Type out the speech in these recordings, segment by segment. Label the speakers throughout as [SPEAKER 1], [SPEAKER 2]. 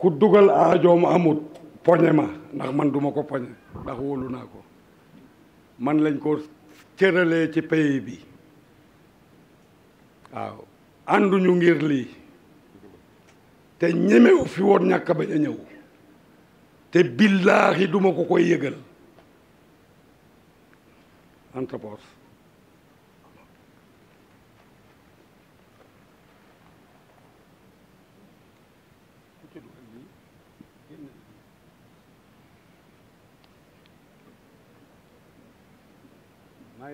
[SPEAKER 1] ku dugal aajoom amut poñe ma ndax man duma ko poñe ndax wóolu naa ko man lañ ko cëralee ci pays bi waaw ànduñu ngir lii te ñemewu fi woon ñàkk bañ a ñëw te billaahi duma ko koy yëgal entrepose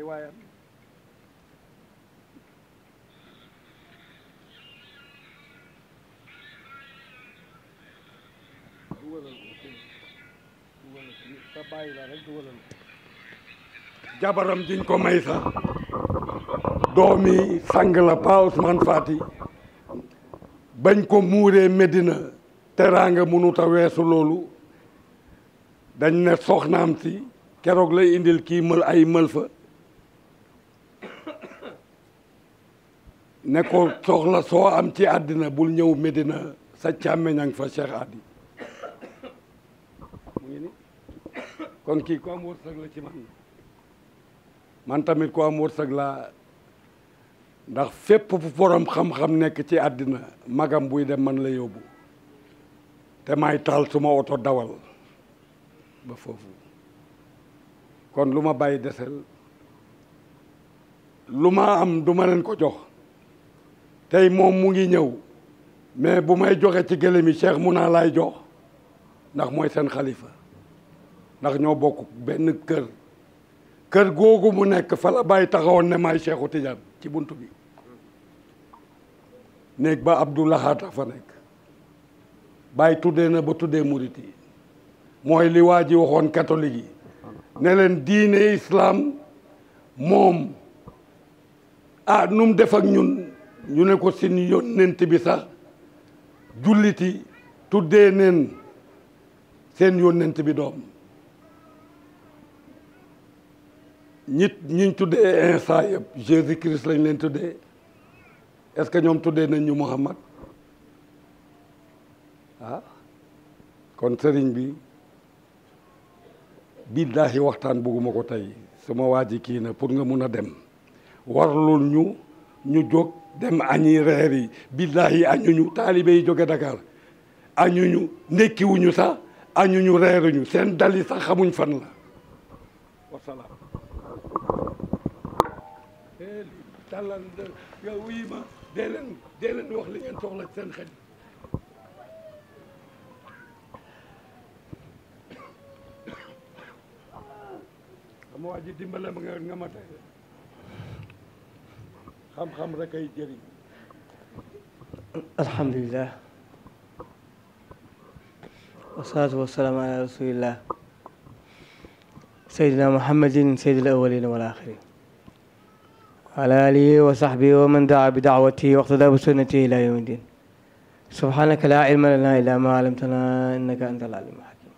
[SPEAKER 1] riwaayam jabaram jiñ ko may sax doomi sang la Pa Ousmane Fati bañ ko muuree Medina teraanga mënut a weesu loolu dañ ne soxnaam si keroog lay indil kii mël ay mël fa ne ko soxla soo am ci àddina bul ñëw Medina sa càmmeñang fa Cheikh Adi mu ngi kon kii ku am wërsëg la ci man man tamit ku am wërsëg laa ndax fépp fu xam-xam nekk ci àddina magam buy dem man la yóbbu te may taal suma oto dawal ba foofu kon lu ma bàyyi desel lu ma am du ma leen ko jox tey moom mu ngi ñëw mais bu may joxe ci gëléem yi mu Mouna laay jox ndax mooy seen xalifa ndax ñoo bokk benn kër kër googu mu nekk fa la bàyyi taxawoon ne maay Cheikhu Tidiane ci bunt bi néeg ba Abdou Lahad fa nekk bàyyi tuddee na ba tuddee murit mooy li waa ji waxoon katolik yi ne leen diine islam moom ah nu mu def ak ñun ñu ne ko seen yónnent bi sax julliti tuddee neen seen yónnent bi doom ñit ñiñ tuddee Insa yëpp Jésus Christ lañ leen tuddee est-ce que ñoom tuddee nañ ñu Muhammad ah. kon sëriñ bi billaahi waxtaan bëgguma ko tey suma waa ji kii na pour nga mun a dem warlul ñu ñu jóg dem añi reer yi billahi añuñu taalibe yi jóge Dakar añuñu ndekkiwuñu sax añuñu reeruñu seen dali sax xamuñ fan la wasalaam tàllal yow wax li ngeen soxla seen xel xam-xam rek ay jëriñ
[SPEAKER 2] alhamdulilah wasalaatu wasalaamu ala rasulillah saydina muhammadin saydil awalin wal axirin ala alihi wa sahbihi wa man daa bi daawatihi waqtada bi sunnatihi ila yawmi din subhanaka laa ilma lana illa ma alamtana innaka anta alalim hakim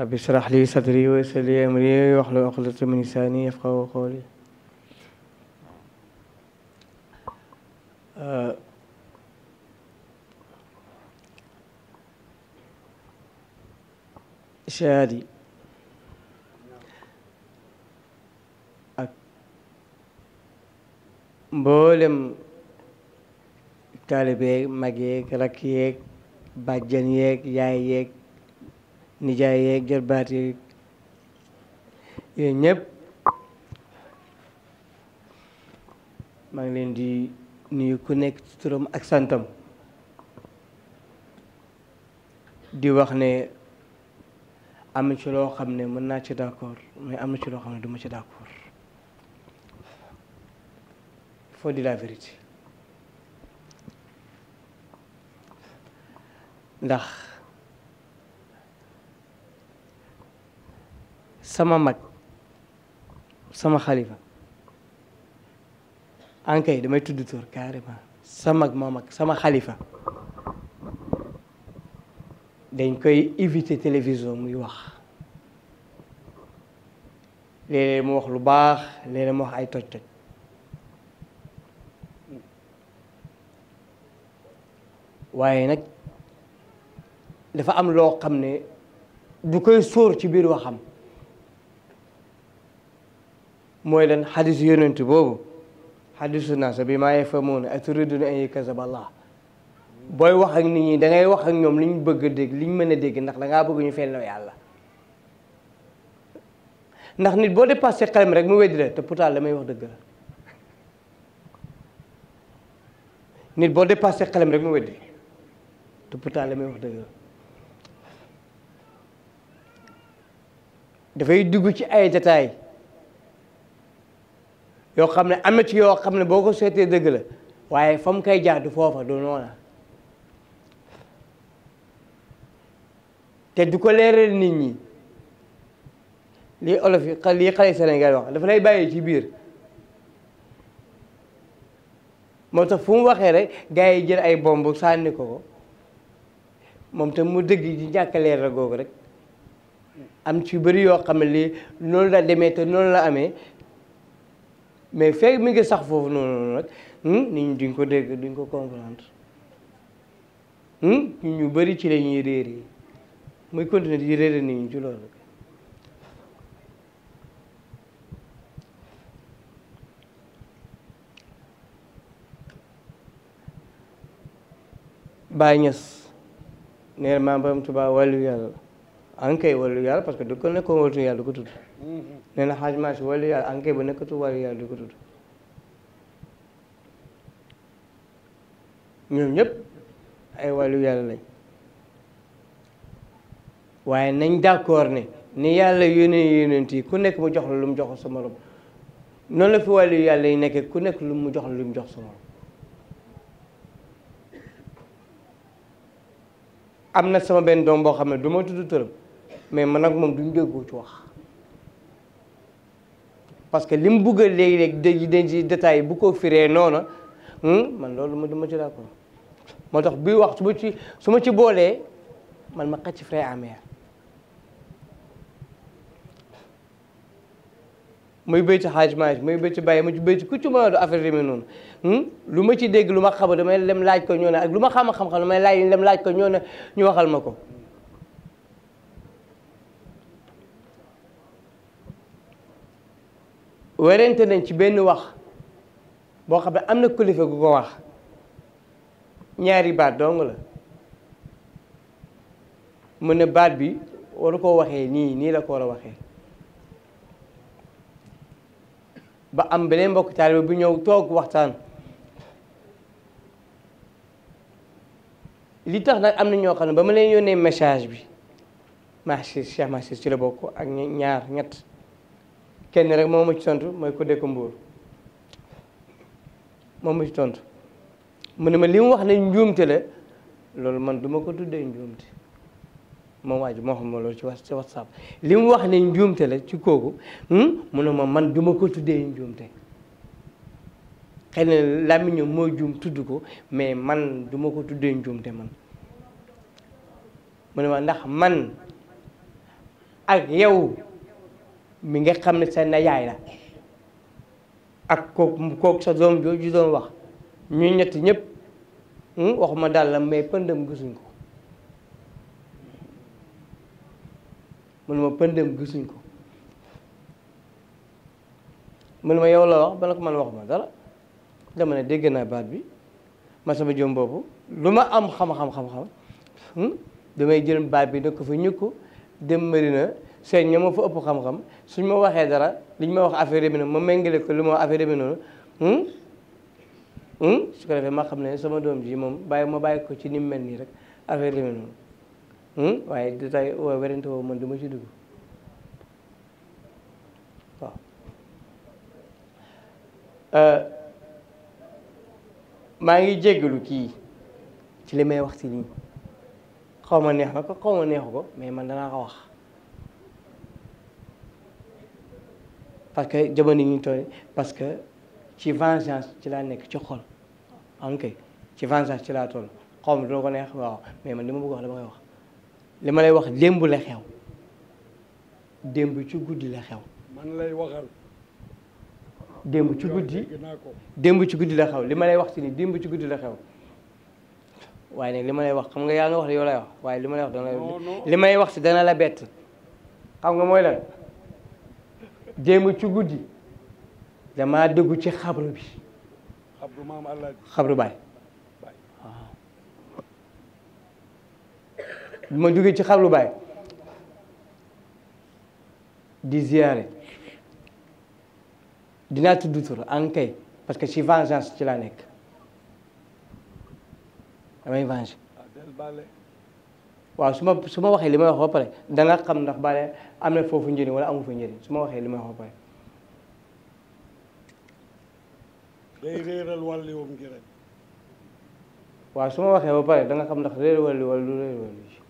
[SPEAKER 2] rabbi israh li sadri wa yassir li amri wahlul uqdatan min lisani yafqahu qawli shaadi ak mboolem taalibe yeeg mag yeeg rakk yeeg bàjjan yeeg yaay yeeg nijaay yeeg jarbaat yeeg yéen ñëpp maa leen di nuyu ku nekk ci turam ak santam di wax ne am na ci loo xam ne mën naa ci d'accord mais am na ci loo xam ne duma ci d'accord il foo dire la vérité ndax sama mag sama xalifa ankay damay tudd tur carrément sama mag sama xalifa dañ koy éviter télévision muy wax léeg mu wax lu baax léeg mu wax ay toj-toj waaye nag dafa am loo xam ne du koy sóor ci biir waxam mooy leen xadisu yonent boobu xaddisu naasa bi maa yafhamuuna aturiduna an yukazaba Allah booy wax ak nit ñi da ngay wax ak ñoom li bëgg dégg li ñu mën a dégg ndax da bëgg ñu fenloo yàlla ndax nit boo dépassé xelam rek mu weddi la te pourtant la may wax dëgg boo dépassé rek mu weddi te pourtant la may wax dëgg dafay dugg ci ay détails yoo xam ne am na ci yoo xam ne boo ko seetee dëgg la waaye fa mu koy jaar du foofa du noona te du ko leeral nit ñi lii olof yi lii xale Sénégal wax dafa lay bàyyi ci biir moo tax fu mu waxee rek gars yi jël ay bomb sànni ko ko moom tam mu dëgg di ñàkk leeral googu rek am ci bëri yoo xam ne lii noonu la demee te noonu la amee mais fekk mi ngi sax foofu noonu nag hmm, nit ñi duñ ko dégg duñ ko comprendre hmm, ñu bëri ci la ñuy réer yi muy continuer di réer nit ñi ci loolu Baay Ñas neer maam Boroom Tuubaa wàllu yàlla an kay wàllu yàlla parce que du ko nekkoon wàllu yàlla ko tudd nee na xaaj maa si wàllu yàlla enquête ba nekkatu wàllu yàlla di ko tudd ñoom ñëpp ay wàllu yàlla lañ waaye nañ d'accord ne ni yàlla yónnee yónent yi ku nekk mu jox la lu mu jox sa morom noonu la fi wàllu yàlla yi nekkee ku nekk lu mu jox la lu mu jox sa morom am na sama benn doom boo xam ne du ma tudd turam mais man nag moom duñ déggoo ci wax parce que li mu bugg a léegi-léegi dañ ci détail bu ko firee noona hmm, man loolu ma duma ci d'accord moo tax buy wax su ma ci su ma ci boolee man ma xacc amee amer muy béy ci xaajmaaj muy béy ci bàyyi mu ci béy ci ku ci mën a do affaire yi noonu hmm? lu ma ci dégg lu ma xama damay lem laaj ko ñoo ne ak lu ma xam a xam-xam damay laaj dem laaj ko ñoo ne ñu waxal ma ko werente nañ ci benn wax boo xam ne am na kilifa gu ko wax ñaari baat dong la mu ne baat bi waru ko waxee nii nii la ko war a waxee ba am beneen mbokk taalibe bu ñëw toog waxtaan li tax nag am na ñoo xam ne ba ma leen yónnee message bi Mahsir Cheikh Mahsir ci la bokk ak ñaar ñett kenn rek moo ma ci tontu mooy ku dëkk Mbuur moo ma ci tontu mu ne ma li mu wax ne njuumte la loolu man duma ko tuddee njuumte moom waaju moo xam ma loolu ci li mu wax ne njuumte la ci kooku hmm? mu ma man duma ko tuddee njuumte xëy na làmmiñam moo juum tudd ko mais man duma ko tuddee njuumte man mu ne ma ndax man ak yow mi nga xam ne sa yaay la ak kooku kooku sa doom jooju doon wax ñu ñett ñëpp hmm, waxuma daal la mais pëndam gisuñ ko mënuma pëndam gisuñ ko mënuma yow la wax ba ne ko man waxuma dara dama ne dégg naa baat bi ma sama jom boobu lu ma am xam xam xam damay jël baat bi da ko fa ñukk dem marina seen ñoom ma fa ëpp xam-xam suñ ma waxee dara liñ ma wax affaire bi noonu ma méngale ko li ma wax affaire bi noonu hmm? Hmm? su ko defee ma xam ne sama doom ji moom bàyyi ma bàyyi ko ci ni mu mel nii rek affaire bi noonu hmm? waaye détail woo werante ci dugg waaw euh, maa ngi jéggalu kii ci li may wax si nii xaw ma neex ma ko xaw ma neexu ko mais man danaa ko wax parce que jamono yi ñu tooy parce que ci vengeance ci laa nekk ci xol ah, ok ci vengeance ci laa toll xaw ma dina ko neex waaw mais man li ma bëgg wax wax li ma wax démb la xew démb ci guddi la xew.
[SPEAKER 1] man lay waxal.
[SPEAKER 2] ci guddi démb ci guddi la xew li ma lay wax si ni démb ci guddi la xew waaye li ma lay wax xam nga yaa nga wax yow lay wax waaye ma lay la li may wax si dana la bett xam nga mooy démb ci guddi damaa dégg ci xabru bi xabru baay waaw ma jógee ci xabru baay di dinaa tudd tur an kay parce que ci vengeance ci laa nekk damay venger waaw su ma su ma waxee li may wax ba pare da nga xam ndax bale am na foofu njëriñ wala amu fa njëriñ su ma waxee li may wax ba pare. day réeral su ma waxee ba pare da xam ndax réer wàllu wala lu réer wàllu ji.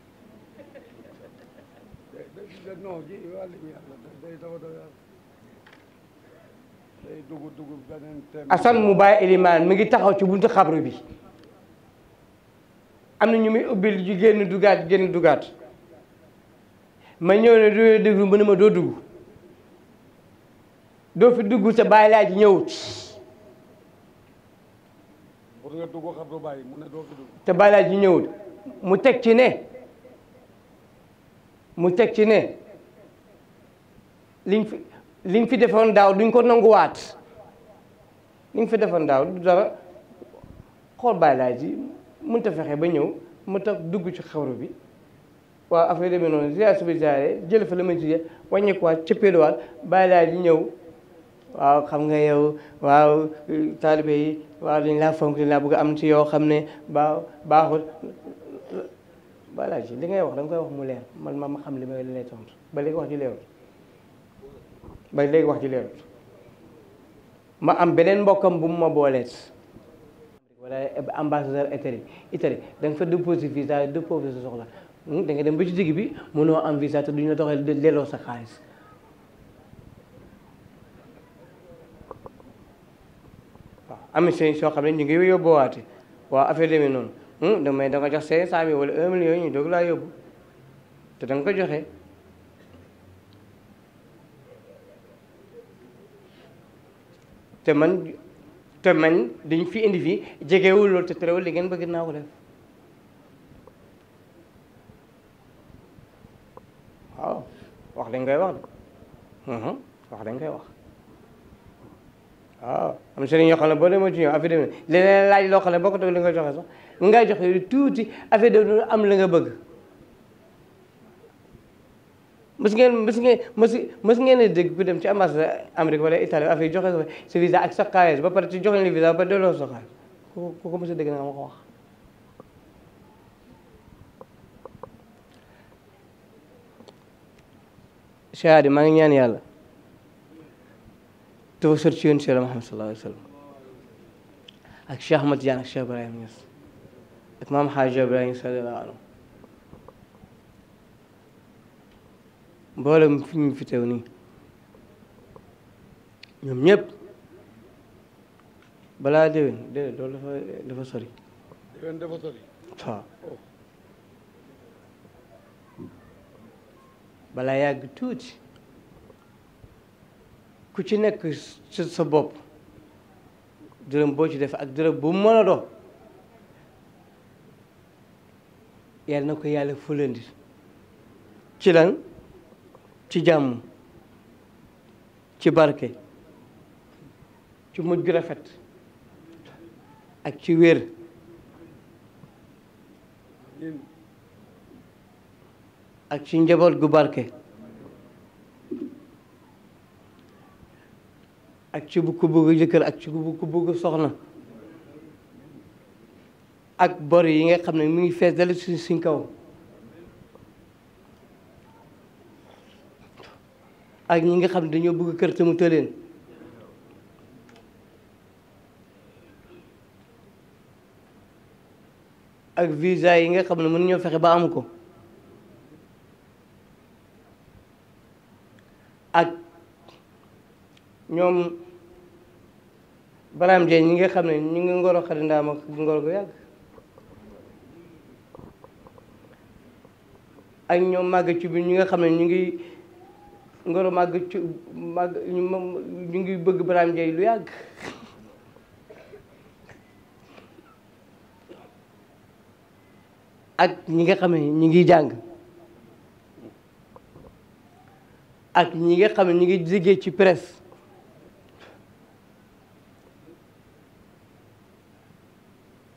[SPEAKER 2] non mu bàyyi Elimane mi ngi taxaw ci buntu xabru bi. am na ñu muy ubbil ji génn dugaat génn dugaat ma ñëw ne doo déglu mu ne ma doo dugg doo fi dugg sa bàyyi laaj ñëwut
[SPEAKER 1] pour nga dugg xam doo bàyyi
[SPEAKER 2] mu ñëwut mu teg ci ne mu teg ci ne liñ fi liñ fi defoon daaw duñ ko nanguwaat liñ fi defoon daaw du dara xool bàyyi mënut a fexe ba ñëw mu tax dugg ci xawru bi waaw affaire demee noonu ziar suba ziare jël fa la ma jige wàññeekuwaat cëppeeluwaat bàyyi laa di ñëw waaw xam nga yow waaw taalibe yi waaw dañ laa am ci yoo xam ne baa baaxul bàyyi ji li ngay wax danga koy wax mu leer man ma ma xam li may lay tontu ba léegi wax ji leerut ba léegi wax ji leerut ma am beneen mbokkam bu mu ma booleet wala ambassadeur Italie Italie da nga fa déposé visa déposé sa soxla hmm, da nga dem ba ci digg bi mënoo am visa te duñu la doxee delloo sa xaalis waaw amiciens yi soo xam ne ñu ngi yóbbuwaate waaw affaire demee noonu damay hmm, da jox cinq cent mille wala un million ñu doog laa yóbbu te da nga ko joxe te man te man dañ fi indi fii jegewul loolu te terewul li ngeen bëgg naa ko def wax dañ koy wax de mhm, wax dañ koy wax waaw am sëriñ yoo xam ne boo demee ci ñoom affaire yi leneen laaj loo xam ne boo ko toog li nga joxe sax nga joxe tuuti affaire de am la nga bëgg mës ngeen mës ngeen mës mës dem ci ambassade Amérique wala Italie affaire joxe sa visa ak sa xaalis ba pare ci joxe la ba delloo sa xaalis ku ko mës a dégg nga ma ko wax chaadi maa ngi ñaan ci yoon Seydina Muhammad sallallahu alayhi wa sallam ak Cheikh Ahmad Tidiane ak Cheikh Ibrahima Niass ak maam Hadj Ibrahima sallallahu alayhi wa mboolem fi ñu fi nii ñoom ñépp balaa déwén déedéet loolu dafa dafa sori.
[SPEAKER 1] déwén dafa sori. waaw oh.
[SPEAKER 2] balaa yàgg tuuti ku ci nekk ci sa bopp dërëm boo ci def ak dërëm bu mu mën a doon yàlla na ko yàlla fulandi ci lan. ci jàmm ci barke ci mujj gu rafet ak ci wér ak ci njaboot gu barke ak ci bu ku jëkkër ak ci bu ku soxna ak bor yi nga xam ne mu ngi fees dale suñ suñ kaw ak ñi nga xam ne dañoo bugg kër te mu tëleen ak visa yi nga xam ne mën ñoo fexe ba am ko ak ñoom baraam jee ñi nga xam ne ñu ngi ngoro xari ndaam ak ngoro gu yàgg ak ñoom màgg ci bi ñi nga xam ne ñu ngi Ngoro màgg ci màgg ngi bëgg Birame Ndiaye lu yàgg ak ñi nga xam ne ñi ngi jàng ak ñi nga xam ne ñi ngi liggéey ci presse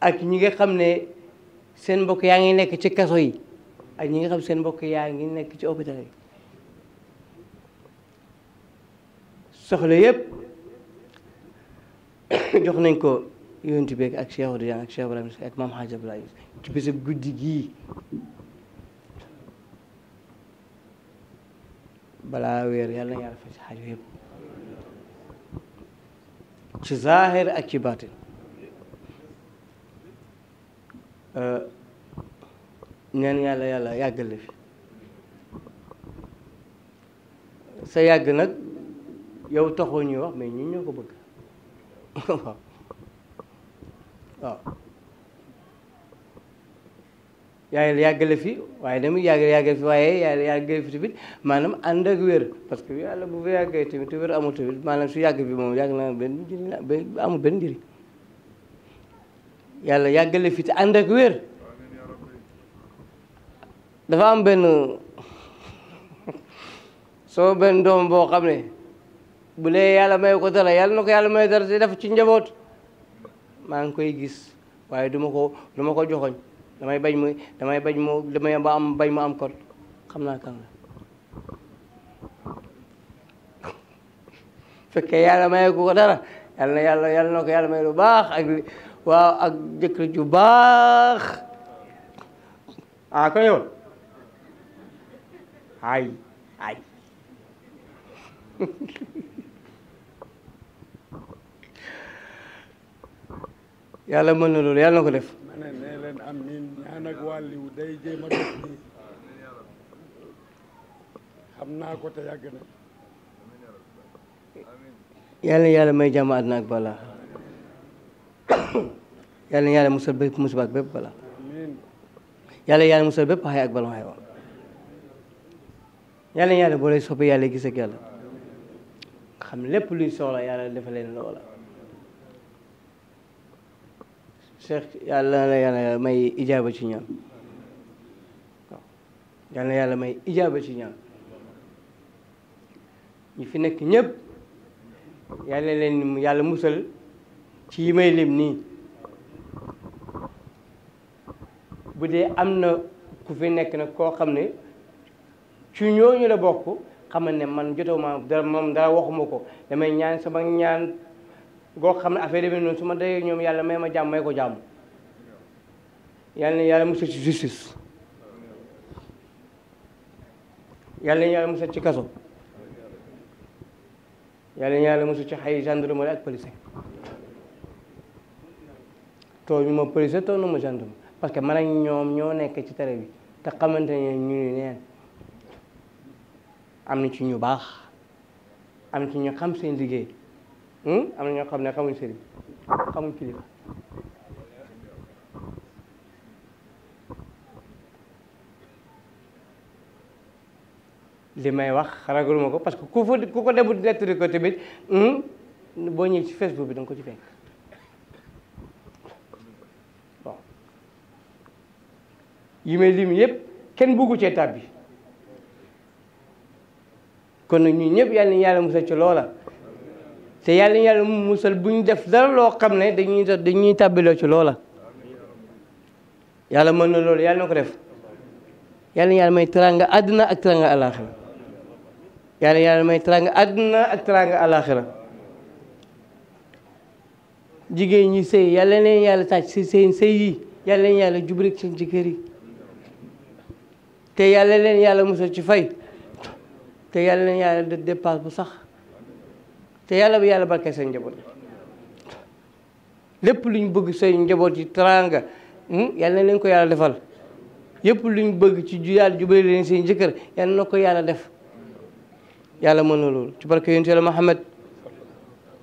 [SPEAKER 2] ak ñi nga xam ne seen mbokk yaa ngi nekk ci kaso yi ak ñi nga xam seen mbokk yaa ngi nekk ci hôpital yi soxla yëpp jox nañ ko yonent bi ak Cheikh Odiyaan ak Cheikh Ibrahima ak maam Hadj Abdoulaye ci bésab guddi gii balaa weer yàlla na yàlla faj xaaju yëpp ci zaahir ak ci baatin ñaan yàlla yàlla yàggal la fi sa yàgg nag yow taxoo ñuy wax mais ñun ñoo ko bëgg waaw waaw yàlla yàggale fi waaye dama yàgg yàggale fi waaye yàlla yàggale fi tamit maanaam ànd ak wér parce que yàlla bu yàggee tamit te wér amul tamit maanaam su yàgg bi moom yàgg na benn njëriñ amul benn njëriñ yàlla yàggale fi te ànd ak wér dafa am benn soo benn doom boo xam ne bu lee yàlla may ko dara yàlla na ko yàlla may dara te def ci njaboot maa ngi koy gis waaye du ma ko du ma ko joxoñ damay bañ mu damay bañ mu damay ba am bañ mu am kon xam naa kan la fekkee yàlla may ko dara yàlla na yàlla yàlla na ko yàlla may lu baax ak waaw ak jëkkër ju baax a ah, ko yoon ay ay yàlla mën na loolu yàlla na ko def. ma ne nee may jàmm àddina ak balaa yàlla na yàlla musal bépp musiba ak bépp balaa yàlla yàlla musal bépp xay ak balaa xay wa yàlla na yàlla boo lay soppi yàlla gis ak lépp lu sola yàlla dafa leen Cheikh yàlla la yàlla may ijaaba ci ñaan waaw yàlla may ijaaba ci ñaan ñi fi nekk ñépp yàlla leen yàlla musal ci yi may lim nii bu dee am na ku fi nekk nag koo xam ne ci ñooñu la bokk xamal ne man jotewuma dara moom dara waxuma ko damay ñaan sama ñaan goo xam ne affaire yi noonu su ma dee ñoom yàlla may ma jàmm ko jàmm yàlla na yàlla musal ci justice yàlla na yàlla musal ci kaso yàlla na yàlla musal ci xay gendarmerie ak police tooñ ma police tooñ ma gendarme parce que man ak ñoom ñoo nekk ci tere bi te xamante ne ñu ni neen am na ci ñu baax am na ci ñu xam seen liggéey Hmm? am na ñoo xam ne xamuñ sëriñ xamuñ kilifa li may wax ragaluma ko parce que ku fa ku ko demul nettali ko tamit hmm? boo ñëwee ci Facebook bi danga ko ci fekk yi may lim yëpp kenn buggu cee tàbbi kon nag ñun ñëpp yàlla na yàlla musal ci loola te yàlla yàlla mu musal bu ñu def dara loo xam ne dañuy dañuy tàbbiloo ci loola yàlla mën na loolu yàlla na ko def yàlla yàlla may teraanga àddina ak teraanga alaaxira yàlla may teraanga àddina ak teraanga alaaxira jigéen ñi sëy yàlla leen yàlla tàcc si seen sëy yi yàlla leen yàlla jubrik seen jëkkër yi te yàlla leen yàlla musal ci fay te yàlla leen yàlla de bu sax te yàlla bi yàlla barkeel njaboot lépp lu bëgg seen njaboot yi teraanga hmm, yàlla na ko yàlla defal yëpp lu bëgg ci yàlla jubale leen seen jëkkër yàlla na ko yàlla def yàlla mën na loolu ci barke yonent yàlla Muhammad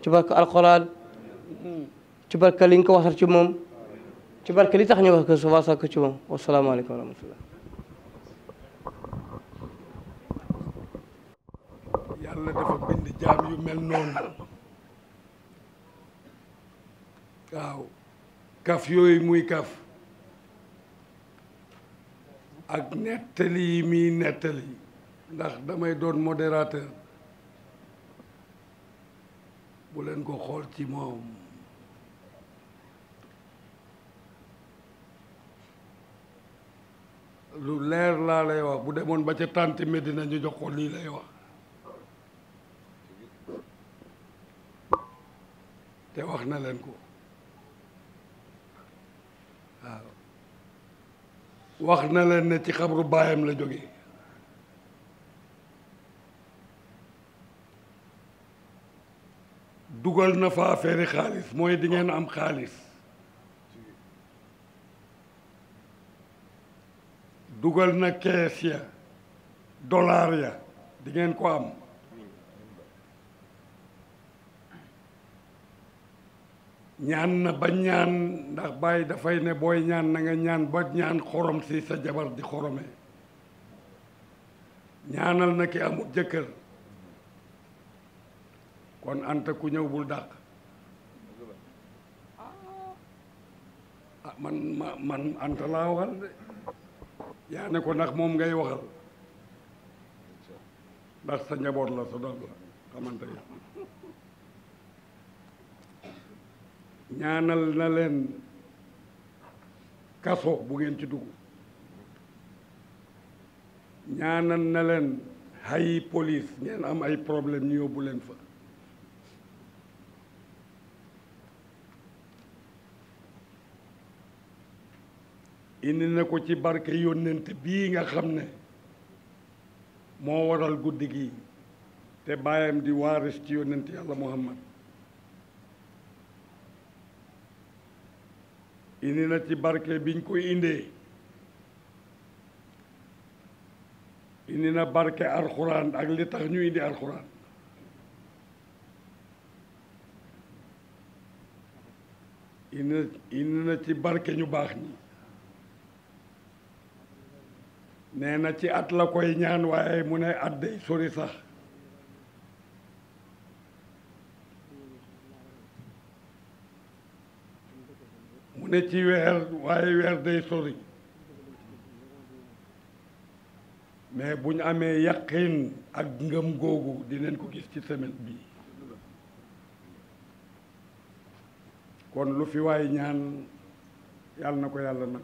[SPEAKER 2] ci barke alquran ci barke li ko waxal ci moom ci barke li tax ñu wax ko su waasal ko ci moom wasalaamaaleykum wa rahmatullah
[SPEAKER 1] yàlla dafa bind jaam yu mel noonu waaw kaf yooyu muy kaf ak nettali yi muy nettali ndax damay doon modérateur bu leen ko xool ci moom lu leer laa lay wax bu demoon ba ca tànti Medina ñu jox lii lay wax te wax na leen ko waaw wax na leen ne ci xabru baayam la jóge dugal na fa affaire xaalis mooy di ngeen am xaalis dugal na kees ya dollar ya di ngeen ko am ñaan na ba ñaan ndax bàyyi dafay ne booy ñaan na nga ñaan ba ñaan xorom si sa jabar di xoromee ñaanal na ki amul jëkkër kon anta ku ñëw bul dàq ah man ma man anta laa waxal de yaa ne ko ndax moom ngay waxal ndax sa njaboot la sa doom la ñaanal na leen kaso bu ngeen ci dugg ñaanal na leen ay police ngeen am ay problème ñu yóbbu leen fa indi na ko ci barke yónnent bii nga xam ne moo waral guddi gi te baayam di waaris ci yónnent yàlla muhammad indi na ci barke biñ koy indee indi na barke alxuraan ak li tax ñu indi alxuraan indi indi na ci barke ñu baax ñi nee na ci at la koy ñaan waaye mu ne at day sori sax ne ci weer waaye weer day sori mais bu ñu amee yaqin ak ngëm googu di leen ko gis ci semaine bi kon lu fi waay ñaan yàlla na ko yàlla nag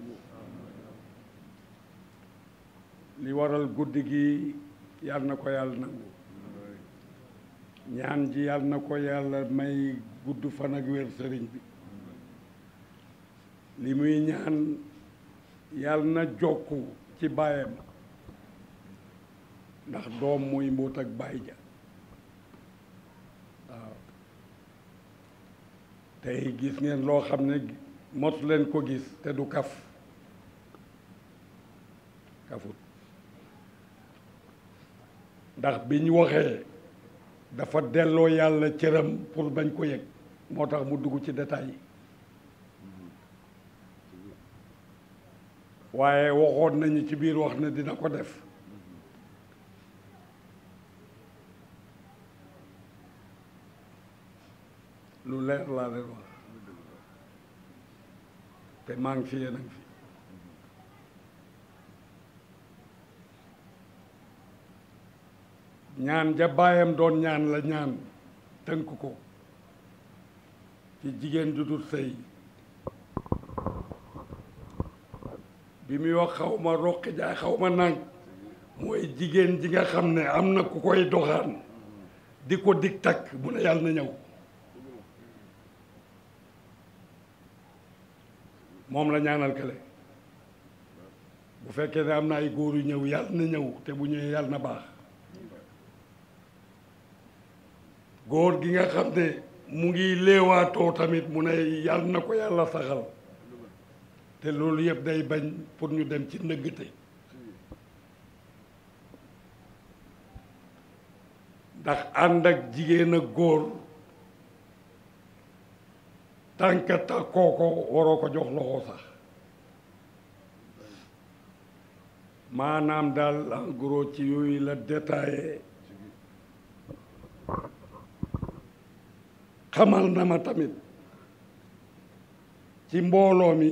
[SPEAKER 1] li waral guddi gi yàlla na ko yàlla nangu ñaan ji yàlla na ko yàlla may gudd fan ak wér sëriñ bi li muy ñaan yàlla na jokk ci baayam ndax doom muy mbóot ak baay ja waaw tey gis ngeen loo xam ne mot leen ko gis te du kaf kafut ndax bi ñu waxee dafa delloo yàlla cëram pour bañ ko yëg moo tax mu dugg ci détail yi waaye waxoon nañu ci biir wax ne dina ko def lu leer laa leen wax te maa ngi fi yéen fi ñaan ja baayam doon ñaan la ñaan tënk ko ci jigéen ju dul sëy bi muy wax xaw ma roqi jaay xaw ma nang mooy jigéen ji nga xam ne am na ku koy doxaan di ko dig takk mu ne yàlla na ñëw moom la ñaanal kale bu fekkee ne am na ay góor yu ñëw yàlla na ñëw te bu ñëwee yàlla na baax góor gi nga xam ne mu ngi léewaatoo tamit mu ne yàlla na ko yàlla saxal te loolu yëpp day bañ pour ñu dem ci nëggte ndax ànd ak jigéen ak góor tànka takkoo ko waroo ko jox loxo sax maanaam daal en gros ci yooyu la détaillé xamal na ma tamit ci mbooloo mi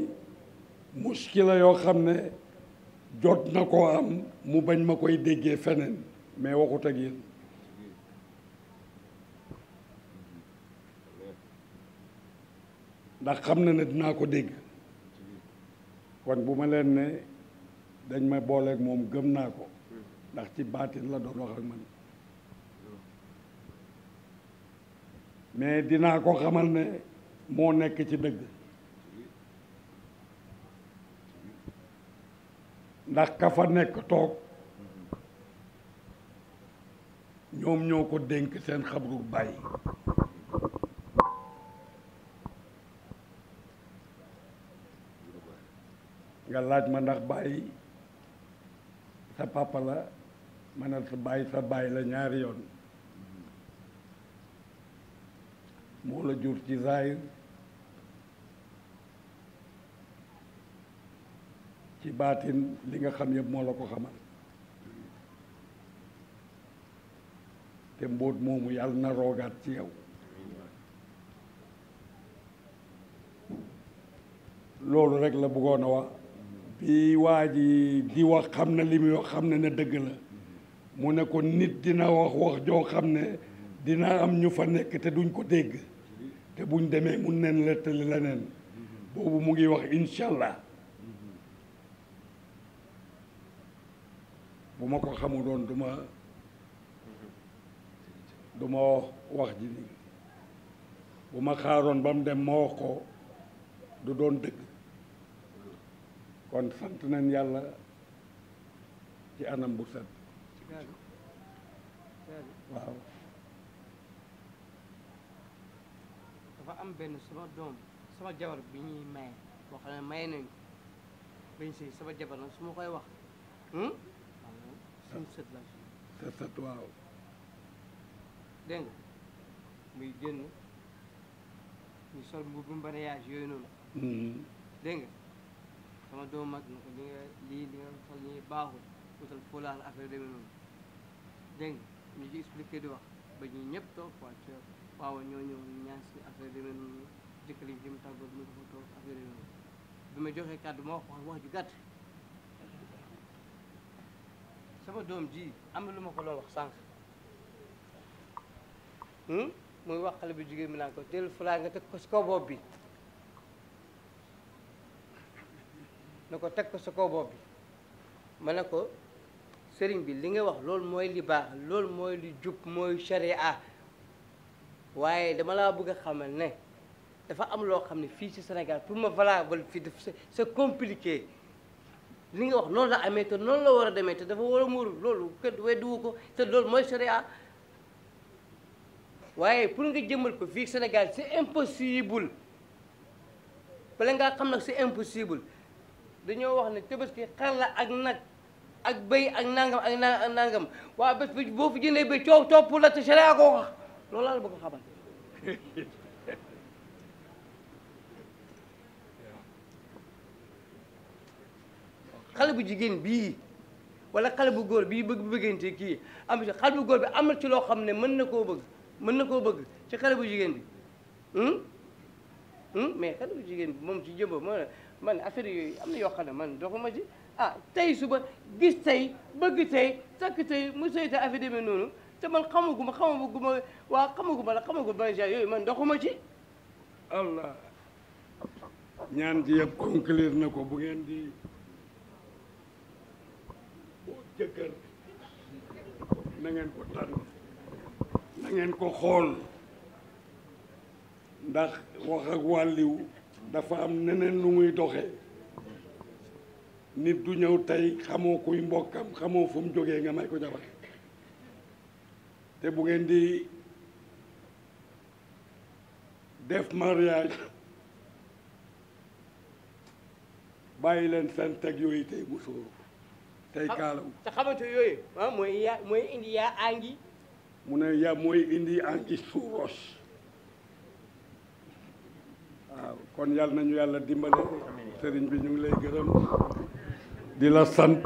[SPEAKER 1] muskila yoo xam ne jot na koo am mu bañ ma koy déggee feneen mais waxut ak yéen ndax xam na ne dinaa ko dégg kon bu ma leen ne dañ ma booleeg moom gëm naa ko ndax ci baatin la doon wax man mais dinaa ko xamal ne moo nekk ci dëgg ndax ka fa nekk toog ñoom ñoo ko dénk seen xabru bàyyi nga laaj ma ndax bàyyi sa papa la ma ne sa bàyyi sa bàyyi la ñaari yoon moo la jur ci zaahir ci baatin li nga xam yëpp moo la ko xamal te mbóot moomu yàlla na roogaat ci yow loolu rek la bëggoon a wax bi waa ji di wax xam na li muy wax xam na ne dëgg la mu ne ko nit dina wax wax joo xam ne dina am ñu fa nekk te duñ ko dégg te buñ demee mun neen lettali leneen boobu mu ngi wax incha allah bu ma ko xamu doon ma du ma wax ji ni bu ma xaaroon ba mu dem ma wax ko du doon dëgg kon sant nañ yàlla ci anam bu set waaw
[SPEAKER 2] dafa am benn suma doom sama jabar bi ñuy maye boo xam ne maye nañ bañ sëy sama jabar nag su ma koy wax hmm? suñu sët laa
[SPEAKER 1] sa sët waaw
[SPEAKER 2] dégg nga muy génn ñu sol mbubu mariage yooyu noonu mm-hmm. dégg sama doomu mag na ko li nga lii li nga sol nii baaxul utal foolaan affaire demee noonu dégg ñu ci expliqué di wax ba ñu ñëpp toog quoi waaw ñoo ñëw ñaan si affaire demee noonu jëkkëriñ fi mu tàggoo bi ñu ko fa noonu bi ma joxee kàddu ma wax wax ju gàtt sama doom ji am na lu ma ko loo wax sànq hmm? muy wax xale bu jigéen mi naa ko jël fulaa nga teg ko si kaw bi ne ko teg ko sa kaw bi ma ne ko sëriñ bi li nga wax loolu mooy li baax loolu mooy li jub mooy sharia waaye dama laa bëgg a xamal ne dafa am loo xam ne fii si Sénégal pour ma valable fii def sa compliqué li nga wax noonu la amee te noonu la war a demee dafa war a muuru loolu kenn weddiwu ko te loolu mooy sharia waaye pour nga jëmmal ko fii Sénégal c'est impossible bala ngaa xam nag c'est impossible dañoo wax ne tabaski xar la ak nag ak béy ak nangam ak na ak nangam waa bés boo fi jëndee béy coow topp la te sharia koo wax loolu laa la
[SPEAKER 1] bëgg xale bu
[SPEAKER 2] jigéen bii wala xale bu góor bii bëgg bëggante kii am ci xale bu góor bi am na ci loo xam ne mën na koo bëgg mën na koo bëgg ci xale bu jigéen bi hmm? Hmm? mais xale bu jigéen bi moom ci jëmba man man affaire yooyu am na yoo xam ne man doxuma ci a ah, tey suba gis tey bëgg tey takk tey mu sëy te affaire demee noonu te man xamaguma xamaguma waa xamaguma la xamaguma benn genre yooyu man doxuma ci
[SPEAKER 1] allah ñaan ji yëpp conclure na ko bu di jëkkër na ngeen ko tànn na ko xool ndax wax ak wàlliw dafa am neneen lu muy doxe nit du ñëw tey xamoo kuy mbokkam xamoo fu mu jógee nga may ko jabar te bu ngeen di def mariage bàyyi leen seen teg yooyu tey mu tey ah, kaalaw
[SPEAKER 2] te xamante yooyu ah mooy indi yaa àngi
[SPEAKER 1] mu ne yaa mooy indi àngi suuros waaw kon yàlla nañu yàlla dimbale sëriñ bi ñu ngi lay gërëm di la sant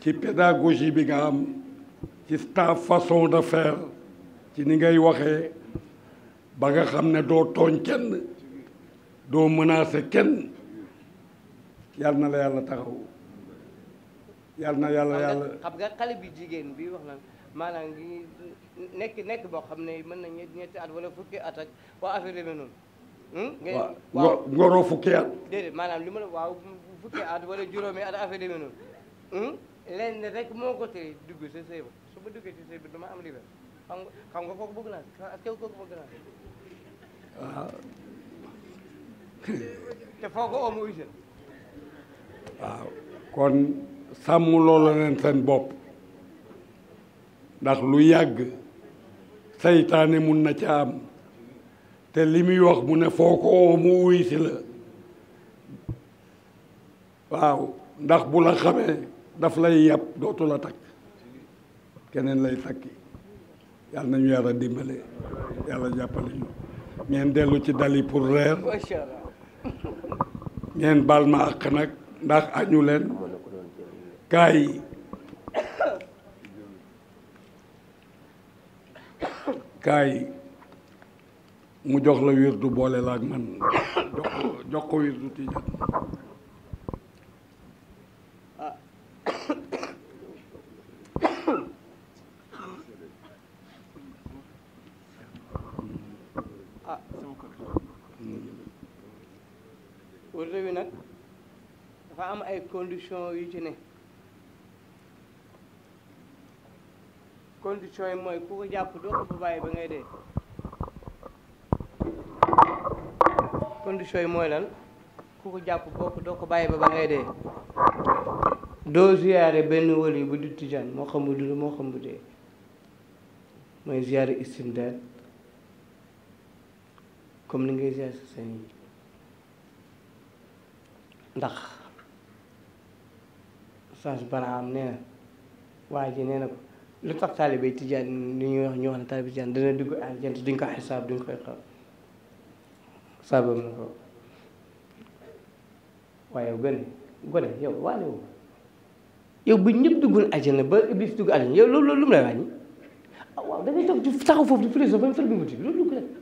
[SPEAKER 1] ci pédagogie bi nga am ci ta façon de faire ci ni ngay waxee ba nga xam ne doo tooñ kenn doo mënaase kenn yàlla na la yàlla taxaw yàlla na yàlla yàlla xam
[SPEAKER 2] nga xale bi jigéen bi wax na maanaam ngi nekk nekk boo xam ne mën na ñetti at wala fukki at ak waa affaire demee hmm? fukki at. déedéet maanaam li ma waaw at wala juróomi at affaire noonu. Hmm? lenn rek moo ko tee dugg sa sëy ba su ma duggee ci sëy am liberté xam nga xam nga kooku bëgg naa est-ce
[SPEAKER 1] ah.
[SPEAKER 2] te foo ko omo
[SPEAKER 1] waaw sàmm loola leen seen bopp ndax lu yàgg seytaane mun na ca am te li muy wax mu ne foo ko mu wuy la waaw ndax bu la xamee daf lay yàpp dootu la takk keneen lay takki yàlla nañu yàlla dimbale yàlla jàppale ñu ngeen dellu ci dali pour reer ngeen baal ma àq nag ndax añu gars yi mu jox la wirdu boole la man jox ko jox ko wirdu tijaan
[SPEAKER 2] wi nag dafa am ay condition yu ci ne condition yi mooy ko jàpp doo ba ngay dee yi mooy lan ku jàpp boo ko ba ngay dee benn wali bu du xam bu dund moo xam bu dee mooy ziyaare comme ni ngay ziyaare sa sëñ yi ndax saas baraam nee na waa ji nee lu tax taalibe tijaan ni ñuy wax ñu wax ne taalibe tijaan dugg aljant duñ ko xisaab duñ koy xam saabam waaye yow gone yow waane wu yow bu ñëpp duggoon aljana ba iblis dugg aljana yow loolu loolu lu mu lay ah, da ngay toog di taxaw foofu di philosophie ba mu fër bi muti loolu lu ko def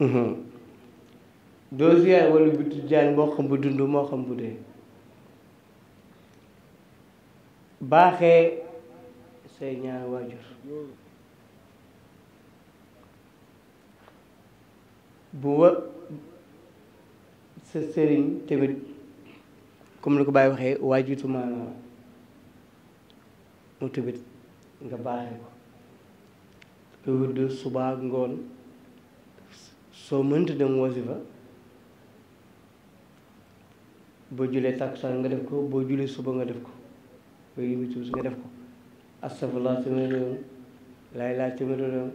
[SPEAKER 2] Mm-hmm. doo ziyaar wala bu tijjaan xam bu dund moo xam bu dee baaxee say ñaar waajur bu wa sa sëriñ tamit comme la ko bàyyi waxee waajutu maanaam mu tamit nga baaxee ko nga wëdd subaa ngoon soo mënta dem wasifa boo julee takkusaan nga def ko boo julee suba nga def ko boo yëngu ci nga def ko astafurlah téeméeri yoon laay laay téeméeri yoon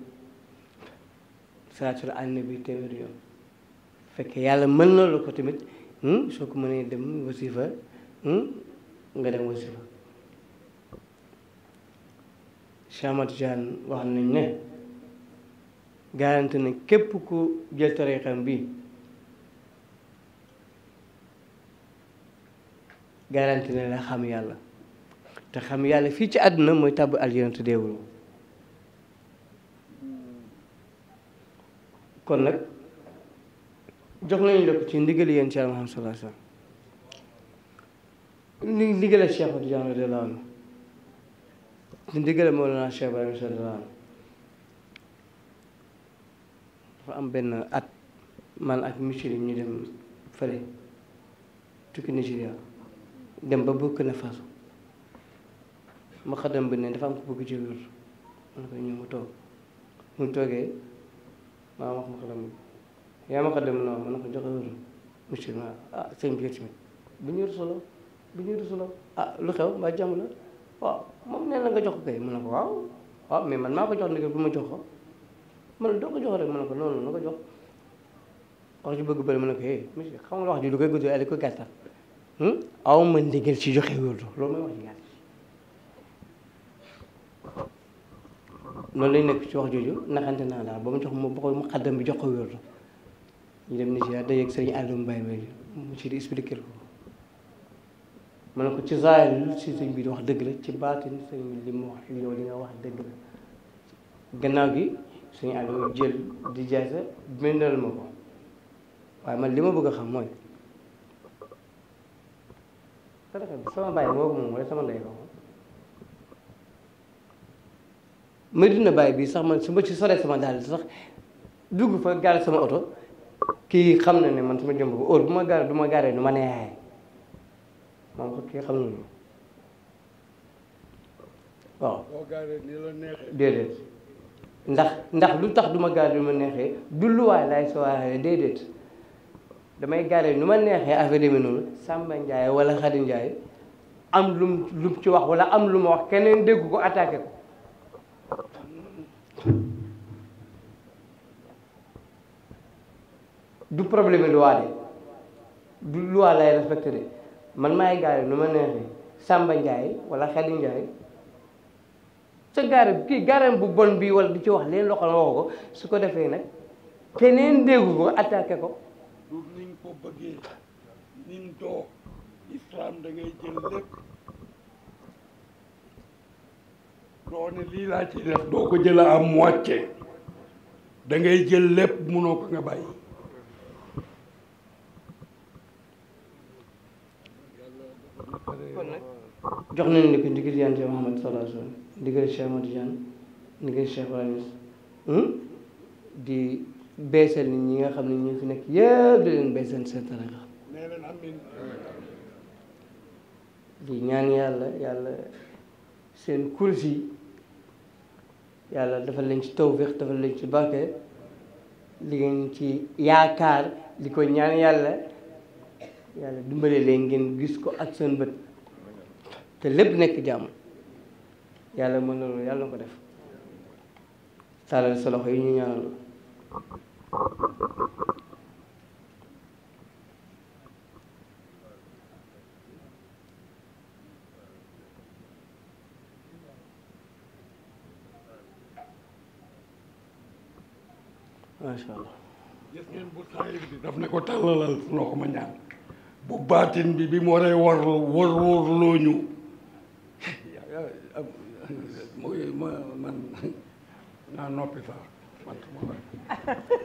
[SPEAKER 2] salaatul annabi téeméeri yoon yàlla mën na la ko tamit hmm, soo ko mënee dem wasifa hmm, nga dem wasifa Chamat Jaan wax nañ ne garanti na képp ko jël tariqam bi garanti na la xam yàlla te xam yàlla fii ci àdduna mooy tàbb aljana te deewul kon nag jox nañu lépp ci ndigal yéen ci Muhammad sallallahu alayhi wasallam ni ndigale Cheikh Tidiane radiyallahu anhu ni ndigale Mawlana Cheikh Ibrahim radiyallahu anhu dafa am benn at man ak monsieur ñu dem fële tukki Nigéria dem ba Burkina Faso ma xadam bi ne dafa am ko bëgg ci wér ma ne ko ñu mu toog mu toogee ma xadam bi yaa ma xadam ah, ma ko ah, lu xew mbaa jàmm la waaw moom jox ko kay mu jox ndigal bu ma ko ma ne doo ko jox rek ma ne ko noonu na ko jox wax ji bëgg bëri ma ne ko eh monsieur xam nga wax ji lu koy ale ko gàttal Hmm? aw ma ndigal ci joxe wérdu loolu mooy wax ji gàtt loolu lay nekk ci wax jooju naxante naa daal ba mu jox ma bokk mu xaddam bi jox ko wérdu ñu dem Nigeria day yegg sëriñ Aliou Mbaye mu ci ma ne ko ci zaahir lu ci di wax dëgg ci baatin sëñ li mu wax yow gi sëñ Aliou jël ma li ma bëgg a xam mooy sadaka bi sama baay moo ko moom wala sama ndey ko Medina Baay bi sax man su ma ci solee sama daal sax dugg fa gaare sama oto kii xam na ne man sama jëmb bu óor bu ma gaare du ma gaaree nu ma neexee moom ko kii xam na ne waaw déedéet ndax ndax lu tax du ma gaare du ma neexee du luwaay laay soo waaye déedéet damay garé nu ma neexee affaire yi noonu Samba Ndiaye wala Khady Ndiaye am lum lum ci wax wala am lu ma wax keneen dégg ko attaqué ko du problème loi de du loi lay respecté de man maay garé nu ma neexee Samba Ndiaye wala Khady Ndiaye sa gaare kii gaarem bu bon bii wala du ci wax leen loxo waxu ko su ko defee nag keneen déggu ko attaqué ko
[SPEAKER 1] ko bëggee nin doo islam da jël lépp doo ne lii laa ci def doo ko jëla am moitié da ngay jël lépp munoo ko nga bàyyi
[SPEAKER 2] jox nañu ni ko ndigal yante Muhammad sallallahu alayhi wa sallam ndigal Cheikh Ahmad Tijaan ndigal Cheikh Ibrahima hmm? di beesal nit ñi nga xam ne ñu fi nekk yëpp di leen beesal seen ñaan yàlla yàlla seen kursi yàlla dafa leen ci tawfiq dafa leen ci barke li ngeen ci yaakaar di ko ñaan yàlla yàlla dimbale leen ngeen gis ko ak seen bët te lépp nekk jàmm yàlla mën na loolu yàlla ko def taalal sa loxo yi ñu ñaanal macha allah.
[SPEAKER 1] gis ngeen bu saayir bi ko ma ñaan bu baatin bi bi mu waree war war warloo ñu ma man naa noppi sax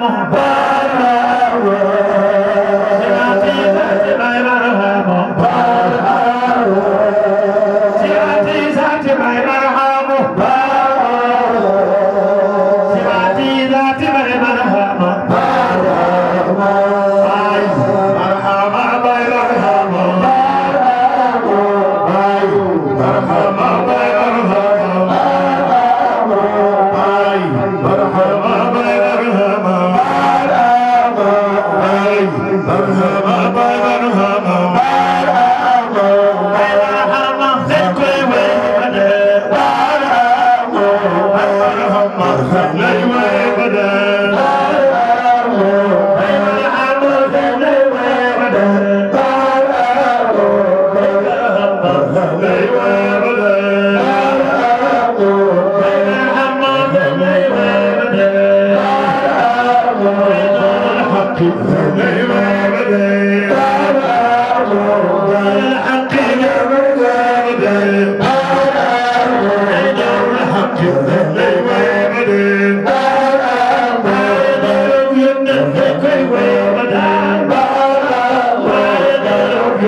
[SPEAKER 1] محبوب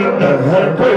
[SPEAKER 1] हर कोई